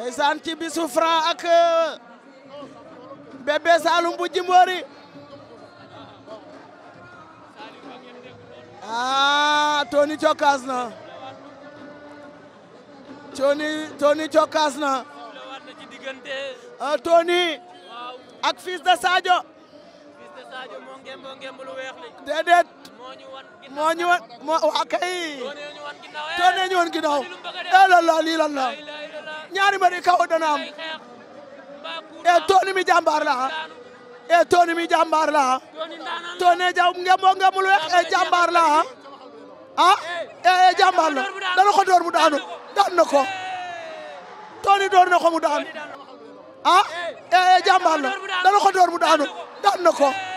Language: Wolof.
ndeysaan ci bisu Franc ak Bébé Saloum bu Djimbory ah cokkaas na Tony Tony cokkaas na ah ak fils de Sadio déedéet moo ñu wan moo waa eh, kay ñaari mbari kaw dana am e eh, tooni mi jàmbaar la e eh, tooni mi jàmbaar la toone jaw ngemo ngemul weex e jàmbaar la ah e jàmbaar la dana ko door mu daanu daan na tooni door na ko mu daanu ah e jàmbaar la dana ko door mu daanu daan na